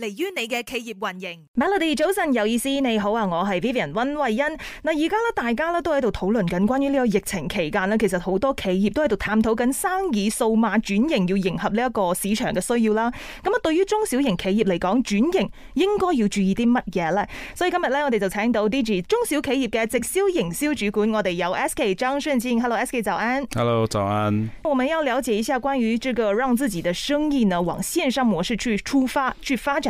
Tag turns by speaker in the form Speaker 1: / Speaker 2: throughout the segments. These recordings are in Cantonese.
Speaker 1: 嚟於你嘅企業運營，Melody 早晨有意思，你好啊，我係 Vivian 温慧欣。嗱，而家咧，大家咧都喺度討論緊關於呢個疫情期間咧，其實好多企業都喺度探討緊生意數碼轉型，要迎合呢一個市場嘅需要啦。咁啊，對於中小型企業嚟講，轉型應該要注意啲乜嘢咧？所以今日咧，我哋就請到 Digi 中小企業嘅直銷營銷主管，我哋有 S K 張宣子，Hello S K 早安
Speaker 2: ，Hello 早安。
Speaker 1: 我們要了解一下關於這個讓自己的生意呢往線上模式去出發去發展。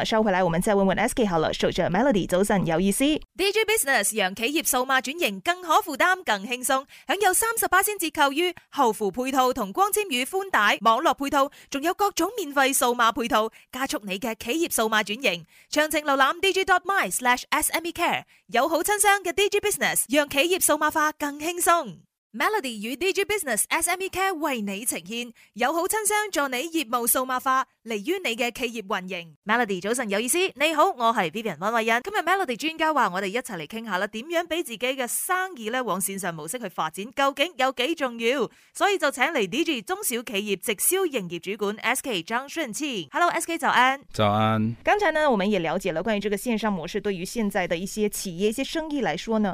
Speaker 1: 收回來，我們再問問 SK 好了，守着 Melody 早晨有意思。DJ Business 讓企業數碼轉型更可負擔、更輕鬆，享有三十八仙折扣於後付配套同光纖與寬帶網絡配套，仲有各種免費數碼配套，加速你嘅企業數碼轉型。詳情瀏覽 DJ dot my slash SME Care，有好親商嘅 DJ Business 讓企業數碼化更輕鬆。Melody 與 DG Business SME Care 為你呈現友好親商，助你業務數碼化，利於你嘅企業運營。Melody 早晨有意思，你好，我係 Vivian 溫慧欣。今日 Melody 專家話，我哋一齊嚟傾下啦，點樣俾自己嘅生意咧往線上模式去發展，究竟有幾重要？所以就請嚟 DG 中小企業直銷營業主管 S K 張順慶。Hello S K 早安。
Speaker 2: 早安。
Speaker 1: 剛安才呢，我們也了解了關於這個線上模式，對於現在的一些企業、一些生意來說呢。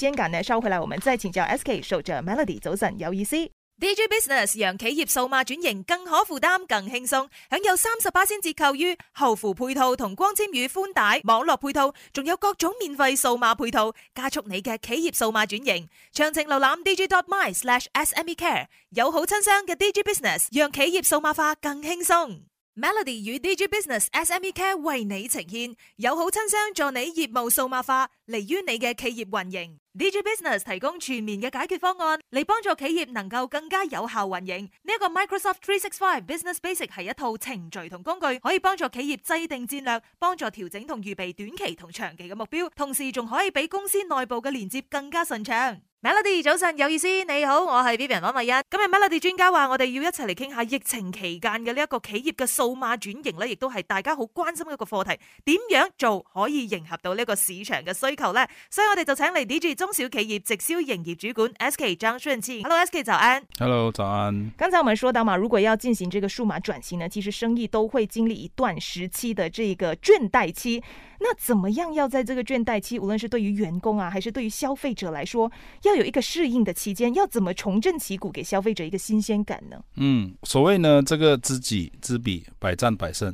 Speaker 1: 尖格收回來，我們再請教 S K。守着 Melody 早晨有意思。D J Business 讓企業數碼轉型更可負擔、更輕鬆，享有三十八仙折扣於後付配套同光纖與寬帶網絡配套，仲有各種免費數碼配套，加速你嘅企業數碼轉型。詳情瀏覽 D J dot my slash S M E Care，友好親商嘅 D J Business 讓企業數碼化更輕鬆。Melody 與 D J Business S M E Care 為你呈現友好親商，助你業務數碼化。嚟於你嘅企業運營，D J Business 提供全面嘅解決方案嚟幫助企業能夠更加有效運營。呢一個 Microsoft 365 Business Basic 係一套程序同工具，可以幫助企業制定戰略，幫助調整同預備短期同長期嘅目標，同時仲可以俾公司內部嘅連接更加順暢。Melody，早晨，有意思，你好，我係 Vivian 溫慧欣。今日 Melody 專家話我哋要一齊嚟傾下疫情期間嘅呢一個企業嘅數碼轉型咧，亦都係大家好關心的一個課題。點樣做可以迎合到呢個市場嘅需求？好啦，所以我哋就請嚟 D G 中小企業直銷營業主管 S K 張順謙。Hello S K 早安
Speaker 2: ，Hello 早安。
Speaker 1: 剛才我們說到嘛，如果要進行這個數碼轉型呢，其實生意都會經歷一段時期的這個倦怠期。那怎麼樣要在這個倦怠期，無論是對於員工啊，還是對於消費者來說，要有一個適應的期間，要怎麼重振旗鼓，給消費者一個新鮮感呢？嗯，
Speaker 2: 所謂呢，這個知己知彼，百戰百勝。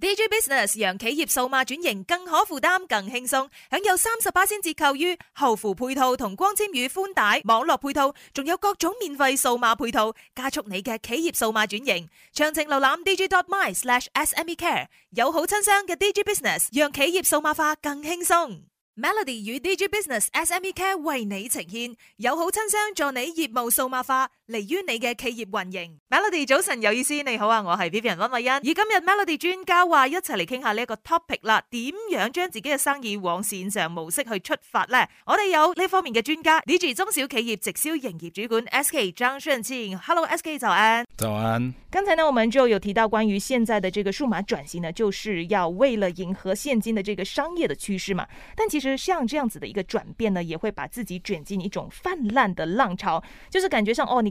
Speaker 1: Digi Business 讓企業數碼轉型更可負擔、更輕鬆，享有三十八巴仙折扣於後付配套同光纖與寬帶網絡配套，仲有各種免費數碼配套，加速你嘅企業數碼轉型。詳情瀏覽 Digi dot my slash S M E Care，友好親商嘅 Digi Business 讓企業數碼化更輕鬆。Melody 與 Digi Business S M E Care 為你呈現友好親商，助你業務數碼化。嚟於你嘅企業運營，Melody 早晨有意思，你好啊，我係 Vivian 温慧欣。而今日 Melody 專家話一齊嚟傾下呢一個 topic 啦，點樣將自己嘅生意往線上模式去出發呢？我哋有呢方面嘅專家，Digi 中小企業直銷營業主管 S K 張書人 Hello S K 早安。早安。剛才呢，我們就有提到關於現在的這個數碼轉型呢，就是要為了迎合現今的這個商業的趨勢嘛。但其實像這樣子的一個轉變呢，也會把自己捲進一種泛濫的浪潮，就是感覺上哦，你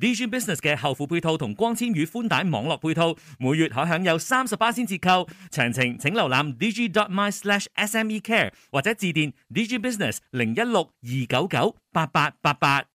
Speaker 1: DG Business 嘅後付配套同光纖與寬帶網絡配套，每月可享有三十八仙折扣。詳情請瀏覽 dg.my/smecare 或者致電 DG Business 零一六二九九八八八八。